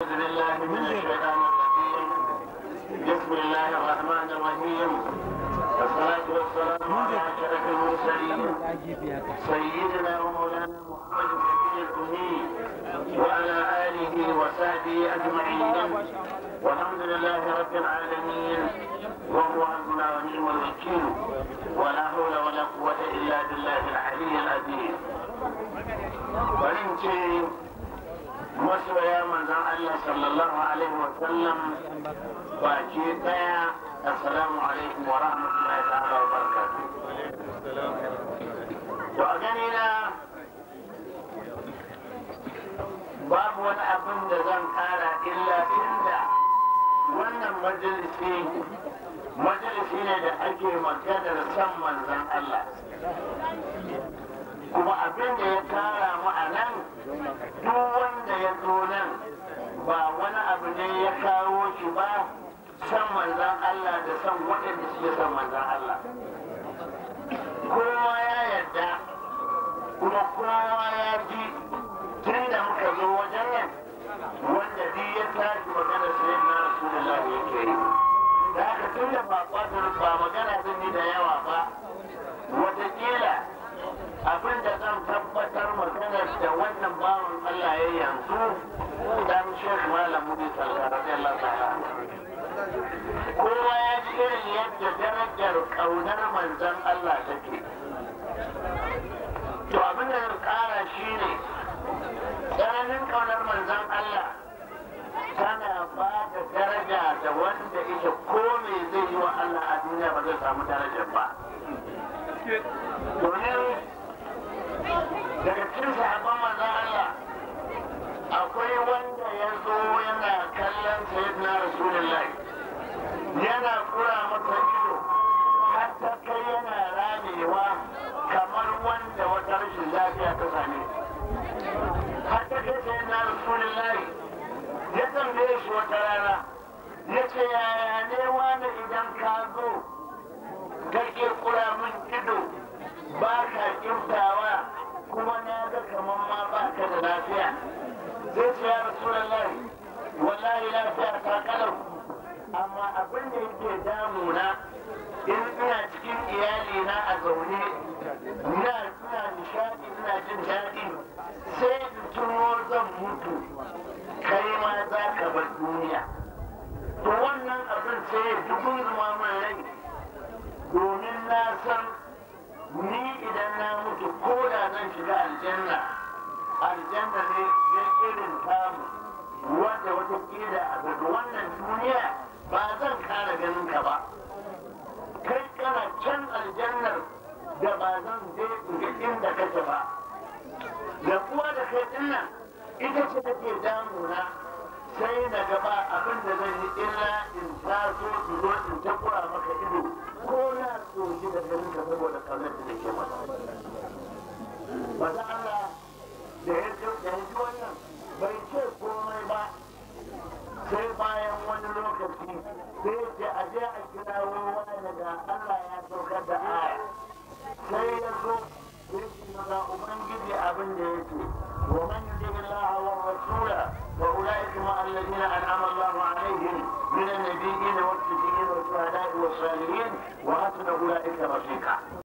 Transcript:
بسم الله الرحمن الرحيم والصلاة والسلام على أشرف المرسلين سيدنا ومولانا محمد النبي الأمي وعلى آله وصحبه أجمعين والحمد لله رب العالمين وهو عبدنا ونعم الوكيل ولا حول ولا قوة إلا بالله العلي العظيم ولنتي مسوي manzon Allah sallallahu alaihi wa sallam daya assalamu alaikum wa rahmatullahi ta'ala wa barakatuh gani na babu wani abin da zan kara illa inda wannan majalisi majalisi ne da ake maganar san manzan Allah kuma abin da ya kara mu a nan duk san manzan Allah da san waɗanda suke san manzan Allah kowa ya yarda kuma kowa ya ji tun da muka zo wajen nan wanda duk ya tashi magana sai na rasulullah yi da aka tun da ba ba magana sun yi da yawa ba wataƙila abin da zan tabbatar maganar da wannan bawan Allah ya yanzu dan shekh malam mubi sallallahu alaihi wasallam kowa ya ji irin yadda darajar ƙaunar manzan Allah take to abin da ƙara shi ne tsananin ƙaunar manzan Allah tana ba da daraja da wanda ita ko me zai yi wa Allah a duniya ba zai samu darajar ba domin daga cikin sahabban manzan Allah akwai wanda ya zo yana kallon sayyidina rasulullahi yana kura mata ido har ta kai yana ramewa kamar wanda wata rashin lafiya ta same har ta kai sai na rasulun layi ya tambaye shi wata rana ya ce yaya ne wani idan ka zo kake kura min ido ba ka kimtawa kuma na ga kamar ma ba ka da lafiya zai ce ya rasulun layi wallahi lafiya ta kalau amma abin da yake damuna in ina cikin iyali na a zaune ina ina nishadi ina jin daɗi sai in tuno zan mutu kai ma za ka bar duniya to wannan abin sai fi zuma min rai domin na san ni idan na mutu ko da zan shiga aljanna aljanna ne ya irin tamu wanda wata ƙeda a wannan duniya ba zan kara ganin ka ba kai kana can aljannar da ba zan je ga inda kake ba da kuwa da kai dinnan ita ce take damuna sai na gaba abin da zan yi illa in sa so zo in ta kura maka ido ko na so shi da ganin ka saboda kaunar da ke mata sai bayan wani lokaci sai ce a je a kira wani da Allah ya saukar da aya sai ya zo ya ce daga ubangiji abin da ya ce wa man yuti Allah wa rasula wa ulaika ma alladhina an'ama Allah alaihim min an-nabiyyin wa as-siddiqin wa ash-shuhada'i wa as-salihin wa hasuna ulaika rafiqa